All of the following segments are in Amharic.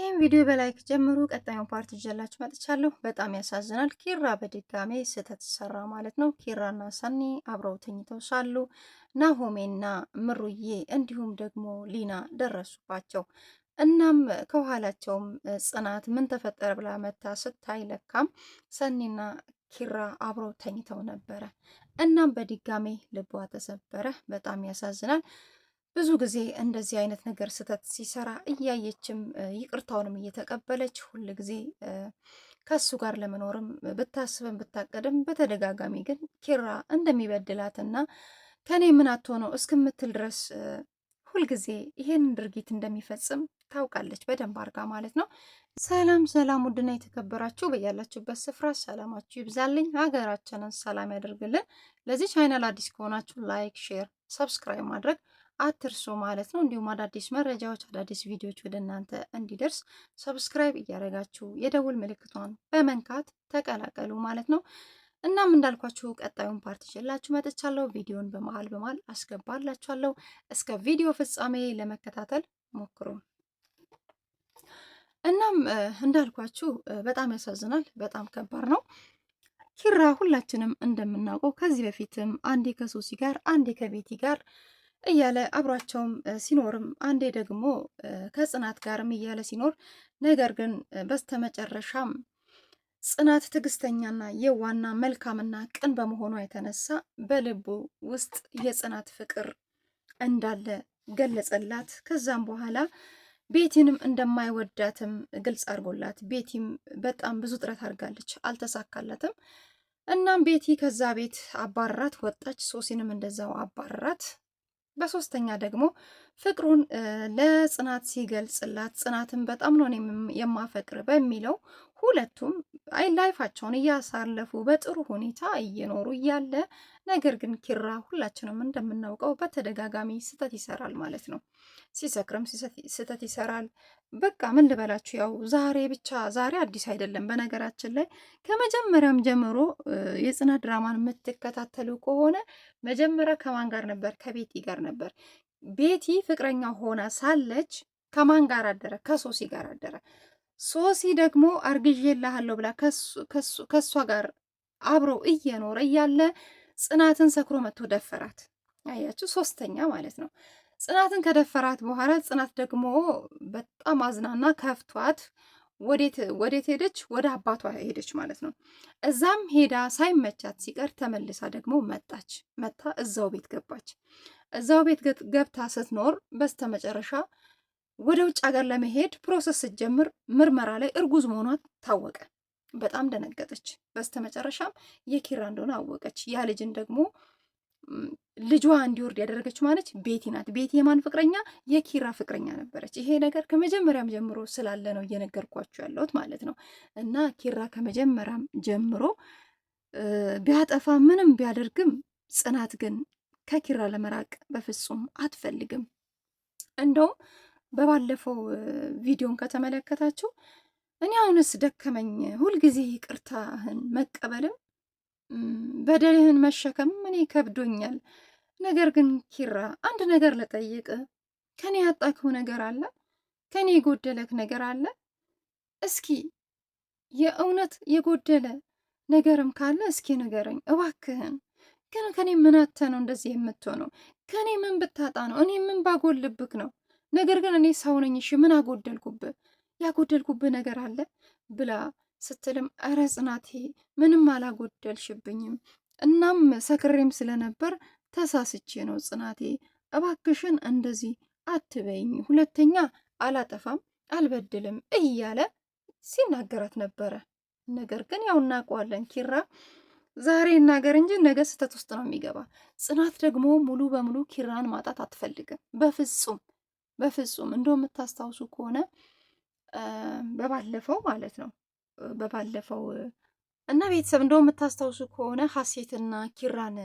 ይህም ቪዲዮ በላይክ ጀምሩ። ቀጣዩን ፓርት ይዤላችሁ መጥቻለሁ። በጣም ያሳዝናል። ኪራ በድጋሜ ስህተት ሰራ ማለት ነው። ኪራና ሰኒ አብረው ተኝተው ሳሉ ናሆሜና ምሩዬ እንዲሁም ደግሞ ሊና ደረሱባቸው። እናም ከኋላቸውም ጽናት ምን ተፈጠረ ብላ መታ ስታይ ለካም ሰኒና ኪራ አብረው ተኝተው ነበረ። እናም በድጋሜ ልቧ ተሰበረ። በጣም ያሳዝናል። ብዙ ጊዜ እንደዚህ አይነት ነገር ስህተት ሲሰራ እያየችም ይቅርታውንም እየተቀበለች ሁል ጊዜ ከሱ ጋር ለመኖርም ብታስብም ብታቀድም፣ በተደጋጋሚ ግን ኪራ እንደሚበድላትና ከኔ ምን አትሆነው እስክምትል ድረስ ሁልጊዜ ይሄንን ድርጊት እንደሚፈጽም ታውቃለች በደንብ አርጋ ማለት ነው። ሰላም ሰላም፣ ውድና የተከበራችሁ በያላችሁበት ስፍራ ሰላማችሁ ይብዛልኝ፣ ሀገራችንን ሰላም ያደርግልን። ለዚህ ቻይናል አዲስ ከሆናችሁ ላይክ፣ ሼር፣ ሰብስክራይብ ማድረግ አትርሱ ማለት ነው። እንዲሁም አዳዲስ መረጃዎች፣ አዳዲስ ቪዲዮዎች ወደ እናንተ እንዲደርስ ሰብስክራይብ እያደረጋችሁ የደውል ምልክቷን በመንካት ተቀላቀሉ ማለት ነው። እናም እንዳልኳችሁ ቀጣዩን ፓርት ይዤላችሁ መጥቻለሁ። ቪዲዮን በመሀል በመሀል አስገባላችኋለሁ። እስከ ቪዲዮ ፍጻሜ ለመከታተል ሞክሩ። እናም እንዳልኳችሁ በጣም ያሳዝናል፣ በጣም ከባድ ነው። ኪራ ሁላችንም እንደምናውቀው ከዚህ በፊትም አንዴ ከሶሲ ጋር አንዴ ከቤቲ ጋር እያለ አብሯቸውም ሲኖርም አንዴ ደግሞ ከጽናት ጋርም እያለ ሲኖር ነገር ግን በስተመጨረሻም ጽናት ትዕግስተኛና የዋና መልካምና ቅን በመሆኗ የተነሳ በልቡ ውስጥ የጽናት ፍቅር እንዳለ ገለጸላት። ከዛም በኋላ ቤቲንም እንደማይወዳትም ግልጽ አድርጎላት፣ ቤቲም በጣም ብዙ ጥረት አድርጋለች፣ አልተሳካላትም። እናም ቤቲ ከዛ ቤት አባረራት፣ ወጣች። ሶሲንም እንደዛው አባረራት። በሶስተኛ ደግሞ ፍቅሩን ለጽናት ሲገልጽላት ጽናትን በጣም ነው የማፈቅር በሚለው ሁለቱም አይ ላይፋቸውን እያሳለፉ በጥሩ ሁኔታ እየኖሩ እያለ ነገር ግን ኪራ ሁላችንም እንደምናውቀው በተደጋጋሚ ስህተት ይሰራል ማለት ነው። ሲሰክርም ስህተት ይሰራል። በቃ ምን ልበላችሁ፣ ያው ዛሬ ብቻ ዛሬ አዲስ አይደለም። በነገራችን ላይ ከመጀመሪያም ጀምሮ የጽናት ድራማን የምትከታተሉ ከሆነ መጀመሪያ ከማን ጋር ነበር? ከቤቲ ጋር ነበር። ቤቲ ፍቅረኛ ሆና ሳለች ከማን ጋር አደረ? ከሶሲ ጋር አደረ። ሶሲ ደግሞ አርግዤልሃለሁ ብላ ከእሷ ጋር አብሮ እየኖረ እያለ ጽናትን ሰክሮ መጥቶ ደፈራት። አያችሁ፣ ሶስተኛ ማለት ነው። ጽናትን ከደፈራት በኋላ ጽናት ደግሞ በጣም አዝናና ከፍቷት ወዴት ሄደች? ወደ አባቷ ሄደች ማለት ነው። እዛም ሄዳ ሳይመቻት ሲቀር ተመልሳ ደግሞ መጣች። መታ እዛው ቤት ገባች። እዛው ቤት ገብታ ስትኖር በስተመጨረሻ ወደ ውጭ ሀገር ለመሄድ ፕሮሰስ ስትጀምር ምርመራ ላይ እርጉዝ መሆኗ ታወቀ። በጣም ደነገጠች። በስተመጨረሻም የኪራ እንደሆነ አወቀች። ያ ልጅን ደግሞ ልጇ እንዲወርድ ያደረገች ማለት ቤቲ ናት። ቤቲ የማን ፍቅረኛ? የኪራ ፍቅረኛ ነበረች። ይሄ ነገር ከመጀመሪያም ጀምሮ ስላለ ነው እየነገርኳችሁ ያለሁት ማለት ነው። እና ኪራ ከመጀመሪያም ጀምሮ ቢያጠፋ ምንም ቢያደርግም፣ ጽናት ግን ከኪራ ለመራቅ በፍጹም አትፈልግም እንደውም በባለፈው ቪዲዮን ከተመለከታችሁ እኔ አሁንስ ደከመኝ፣ ሁልጊዜ ይቅርታህን መቀበልም በደልህን መሸከም እኔ ከብዶኛል። ነገር ግን ኪራ አንድ ነገር ልጠይቅ፣ ከኔ ያጣከው ነገር አለ? ከኔ የጎደለክ ነገር አለ? እስኪ የእውነት የጎደለ ነገርም ካለ እስኪ ንገረኝ እባክህን። ግን ከኔ ምን አተ ነው እንደዚህ የምትሆነው? ከኔ ምን ብታጣ ነው? እኔ ምን ባጎልብክ ነው? ነገር ግን እኔ ሰው ነኝ፣ እሺ ምን አጎደልኩብህ? ያጎደልኩብህ ነገር አለ ብላ ስትልም እረ ጽናቴ ምንም አላጎደልሽብኝም፣ እናም ሰክሬም ስለነበር ተሳስቼ ነው ጽናቴ፣ እባክሽን እንደዚህ አትበይኝ፣ ሁለተኛ አላጠፋም አልበድልም እያለ ሲናገራት ነበረ። ነገር ግን ያው እናውቀዋለን ኪራ ዛሬ እናገር እንጂ ነገ ስህተት ውስጥ ነው የሚገባ። ጽናት ደግሞ ሙሉ በሙሉ ኪራን ማጣት አትፈልግም በፍጹም። በፍጹም እንደው የምታስታውሱ ከሆነ በባለፈው ማለት ነው በባለፈው እና ቤተሰብ እንደው የምታስታውሱ ከሆነ ሀሴትና ኪራን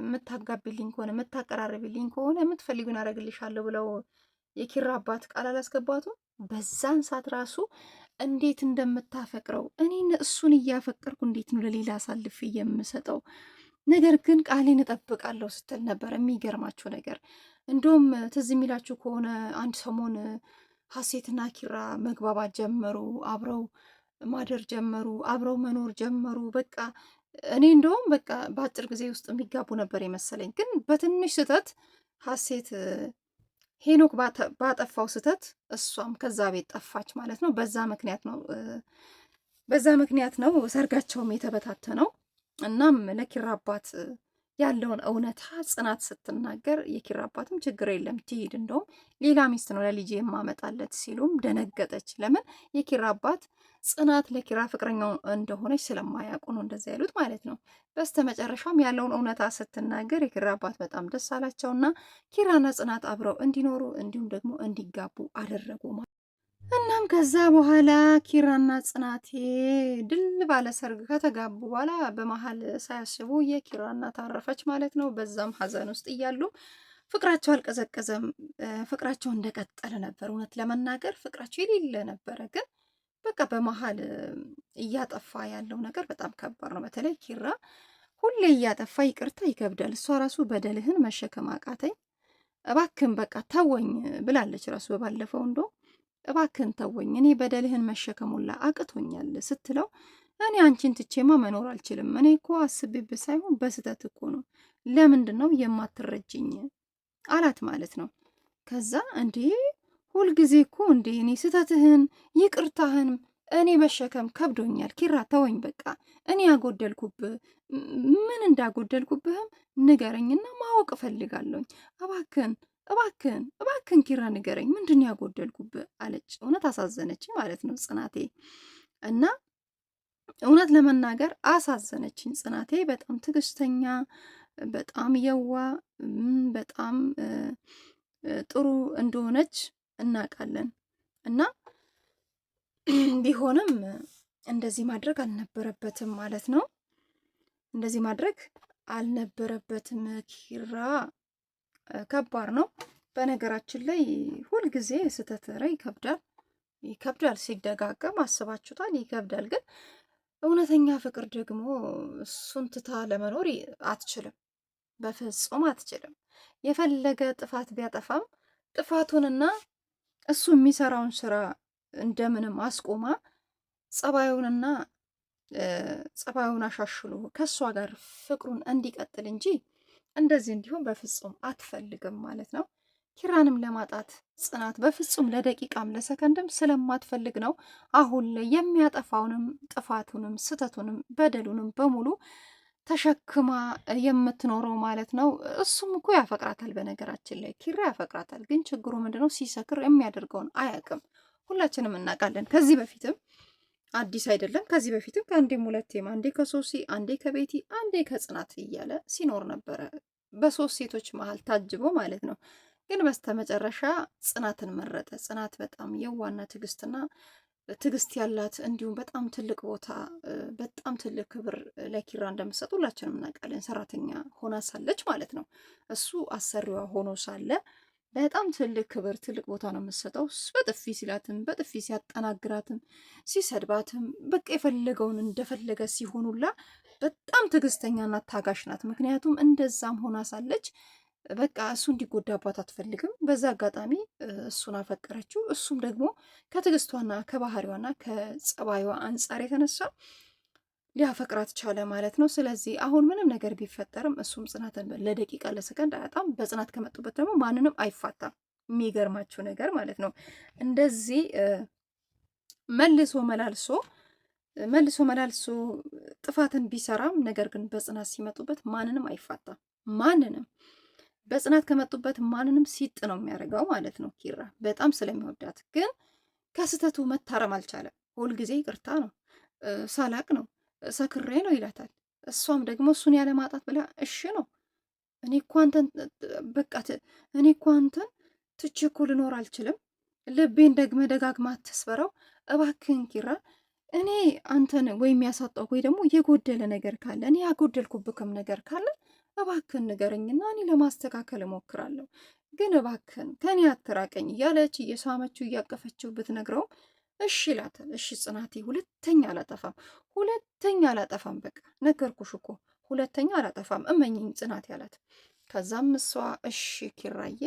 የምታጋብልኝ ከሆነ የምታቀራርብልኝ ከሆነ የምትፈልጉን አደርግልሻለሁ ብለው የኪራ አባት ቃል አላስገባቱም። በዛን ሰዓት ራሱ እንዴት እንደምታፈቅረው እኔን እሱን እያፈቀርኩ እንዴት ነው ለሌላ አሳልፍ የምሰጠው ነገር ግን ቃሌን እጠብቃለሁ ስትል ነበር። የሚገርማችሁ ነገር እንደውም ትዝ የሚላችሁ ከሆነ አንድ ሰሞን ሀሴትና ኪራ መግባባት ጀመሩ፣ አብረው ማደር ጀመሩ፣ አብረው መኖር ጀመሩ። በቃ እኔ እንደውም በቃ በአጭር ጊዜ ውስጥ የሚጋቡ ነበር የመሰለኝ። ግን በትንሽ ስህተት ሀሴት ሄኖክ ባጠፋው ስህተት እሷም ከዛ ቤት ጠፋች ማለት ነው። በዛ ምክንያት ነው በዛ ምክንያት ነው ሰርጋቸውም የተበታተነው። እናም ለኪራ አባት ያለውን እውነታ ጽናት ስትናገር የኪራ አባትም ችግር የለም ትሄድ፣ እንደውም ሌላ ሚስት ነው ለልጄ የማመጣለት ሲሉም ደነገጠች። ለምን የኪራ አባት ጽናት ለኪራ ፍቅረኛው እንደሆነች ስለማያውቁ ነው እንደዚ ያሉት ማለት ነው። በስተ መጨረሻም ያለውን እውነታ ስትናገር የኪራ አባት በጣም ደስ አላቸውና ኪራና ጽናት አብረው እንዲኖሩ እንዲሁም ደግሞ እንዲጋቡ አደረጉ። ማለት እናም ከዛ በኋላ ኪራና ጽናቴ ድል ባለ ሰርግ ከተጋቡ በኋላ በመሀል ሳያስቡ የኪራ እናት አረፈች ማለት ነው። በዛም ሀዘን ውስጥ እያሉ ፍቅራቸው አልቀዘቀዘም። ፍቅራቸው እንደቀጠለ ነበር። እውነት ለመናገር ፍቅራቸው የሌለ ነበረ፣ ግን በቃ በመሀል እያጠፋ ያለው ነገር በጣም ከባድ ነው። በተለይ ኪራ ሁሌ እያጠፋ ይቅርታ ይከብዳል። እሷ ራሱ በደልህን መሸከም አቃተኝ፣ እባክን በቃ ተወኝ ብላለች ራሱ በባለፈው እንደውም እባክን ተወኝ፣ እኔ በደልህን መሸከሙላ አቅቶኛል ስትለው እኔ አንቺን ትቼማ መኖር አልችልም። እኔ እኮ አስቤበት ሳይሆን በስተት እኮ ነው። ለምንድን ነው የማትረጅኝ አላት ማለት ነው። ከዛ እንዴ ሁልጊዜ እኮ እንዴ እኔ ስተትህን ይቅርታህን እኔ መሸከም ከብዶኛል። ኪራ ተወኝ በቃ። እኔ ያጎደልኩብህ ምን እንዳጎደልኩብህም ንገረኝና ማወቅ እፈልጋለሁኝ። እባክህን እባክን እባክን ኪራ ንገረኝ፣ ምንድን ያጎደልኩብ? አለች። እውነት አሳዘነችኝ ማለት ነው ጽናቴ እና እውነት ለመናገር አሳዘነችኝ ጽናቴ። በጣም ትዕግስተኛ፣ በጣም የዋ፣ በጣም ጥሩ እንደሆነች እናውቃለን እና ቢሆንም እንደዚህ ማድረግ አልነበረበትም ማለት ነው። እንደዚህ ማድረግ አልነበረበትም ኪራ ከባድ ነው። በነገራችን ላይ ሁልጊዜ ስህተት ረ ይከብዳል ይከብዳል ሲደጋገም አስባችሁታል፣ ይከብዳል። ግን እውነተኛ ፍቅር ደግሞ እሱን ትታ ለመኖር አትችልም፣ በፍጹም አትችልም። የፈለገ ጥፋት ቢያጠፋም ጥፋቱንና እሱ የሚሰራውን ስራ እንደምንም አስቆማ ጸባዩንና ጸባዩን አሻሽሎ ከእሷ ጋር ፍቅሩን እንዲቀጥል እንጂ እንደዚህ እንዲሁም በፍጹም አትፈልግም ማለት ነው። ኪራንም ለማጣት ጽናት በፍጹም ለደቂቃም ለሰከንድም ስለማትፈልግ ነው አሁን ላይ የሚያጠፋውንም ጥፋቱንም ስህተቱንም በደሉንም በሙሉ ተሸክማ የምትኖረው ማለት ነው። እሱም እኮ ያፈቅራታል። በነገራችን ላይ ኪራ ያፈቅራታል። ግን ችግሩ ምንድነው? ሲሰክር የሚያደርገውን አያውቅም። ሁላችንም እናውቃለን። ከዚህ በፊትም አዲስ አይደለም። ከዚህ በፊትም ከአንዴም ሁለቴም አንዴ ከሶሲ አንዴ ከቤቲ አንዴ ከጽናት እያለ ሲኖር ነበረ፣ በሶስት ሴቶች መሀል ታጅቦ ማለት ነው። ግን በስተመጨረሻ ጽናትን መረጠ። ጽናት በጣም የዋና ትዕግስትና ትዕግስት ያላት እንዲሁም በጣም ትልቅ ቦታ በጣም ትልቅ ክብር ለኪራ እንደምትሰጥ ሁላችንም እናውቃለን። ሰራተኛ ሆና ሳለች ማለት ነው እሱ አሰሪዋ ሆኖ ሳለ በጣም ትልቅ ክብር ትልቅ ቦታ ነው የምትሰጠው። በጥፊ ሲላትም በጥፊ ሲያጠናግራትም ሲሰድባትም በቃ የፈለገውን እንደፈለገ ሲሆኑላ በጣም ትዕግስተኛና ታጋሽ ናት። ምክንያቱም እንደዛም ሆና ሳለች በቃ እሱ እንዲጎዳባት አትፈልግም። በዛ አጋጣሚ እሱን አፈቀረችው። እሱም ደግሞ ከትዕግስቷና ከባህሪዋና ከጸባይዋ አንጻር የተነሳ ሊያፈቅራት ቻለ ማለት ነው። ስለዚህ አሁን ምንም ነገር ቢፈጠርም እሱም ጽናትን ለደቂቃ ለሰከንድ በጣም በጽናት ከመጡበት ደግሞ ማንንም አይፋታም። የሚገርማችሁ ነገር ማለት ነው እንደዚህ መልሶ መላልሶ መልሶ መላልሶ ጥፋትን ቢሰራም ነገር ግን በጽናት ሲመጡበት ማንንም አይፋታም። ማንንም በጽናት ከመጡበት ማንንም ሲጥ ነው የሚያደርገው ማለት ነው። ኪራ በጣም ስለሚወዳት ግን ከስህተቱ መታረም አልቻለም። ሁልጊዜ ይቅርታ ነው፣ ሳላቅ ነው ሰክሬ ነው ይላታል። እሷም ደግሞ እሱን ያለማጣት ብላ እሺ ነው እኔ እኮ አንተን በቃ እኔ እኮ አንተን ትቼ እኮ ልኖር አልችልም። ልቤን ደግመ ደጋግማ አትስበረው እባክህን ኪራ፣ እኔ አንተን ወይ የሚያሳጣው ወይ ደግሞ የጎደለ ነገር ካለ እኔ ያጎደልኩብክም ነገር ካለ እባክህን ንገረኝና እኔ ለማስተካከል እሞክራለሁ። ግን እባክህን ከኔ አትራቀኝ እያለች እየሳመችው እያቀፈችው ብትነግረውም እሺ ይላታል። እሺ ጽናቴ፣ ሁለተኛ አላጠፋም፣ ሁለተኛ አላጠፋም፣ በቃ ነገርኩሽ እኮ ሁለተኛ አላጠፋም፣ እመኝኝ ጽናቴ አላት። ከዛም እሷ እሺ ኪራዬ፣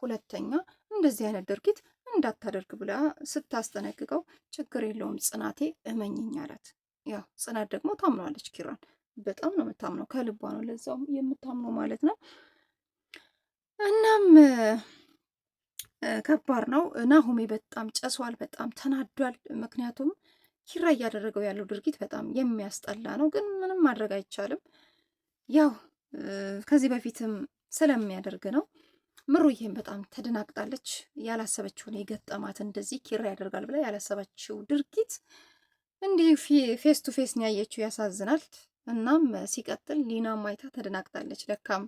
ሁለተኛ እንደዚህ አይነት ድርጊት እንዳታደርግ ብላ ስታስጠነቅቀው ችግር የለውም ጽናቴ፣ እመኝኝ አላት። ያው ጽናት ደግሞ ታምኗለች ኪራን፣ በጣም ነው የምታምነው፣ ከልቧ ነው ለዛውም የምታምነው ማለት ነው። እናም ከባድ ነው። ናሆሜ በጣም ጨሷል፣ በጣም ተናዷል። ምክንያቱም ኪራ እያደረገው ያለው ድርጊት በጣም የሚያስጠላ ነው። ግን ምንም ማድረግ አይቻልም። ያው ከዚህ በፊትም ስለሚያደርግ ነው። ምሩ ይህም በጣም ተደናግጣለች። ያላሰበችውን የገጠማት እንደዚህ ኪራ ያደርጋል ብላ ያላሰበችው ድርጊት እንዲህ ፌስ ቱ ፌስ ያየችው ያሳዝናል። እናም ሲቀጥል ሊና ማይታ ተደናግጣለች። ለካም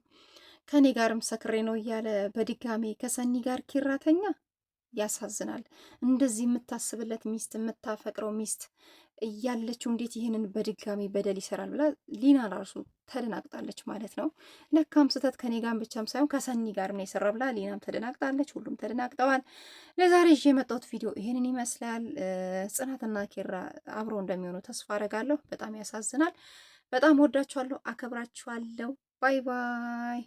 ከኔ ጋርም ሰክሬ ነው እያለ በድጋሜ ከሰኒ ጋር ኪራተኛ ያሳዝናል። እንደዚህ የምታስብለት ሚስት የምታፈቅረው ሚስት እያለችው እንዴት ይህንን በድጋሚ በደል ይሰራል ብላ ሊና ራሱ ተደናግጣለች ማለት ነው። ለካም ስህተት ከኔ ጋር ብቻም ሳይሆን ከሰኒ ጋርም ነው የሰራ ብላ ሊናም ተደናግጣለች። ሁሉም ተደናግጠዋል። ለዛሬ ይዤ የመጣሁት ቪዲዮ ይህንን ይመስላል። ጽናትና ኬራ አብሮ እንደሚሆኑ ተስፋ አረጋለሁ። በጣም ያሳዝናል። በጣም ወዳችኋለሁ፣ አከብራችኋለሁ። ባይ ባይ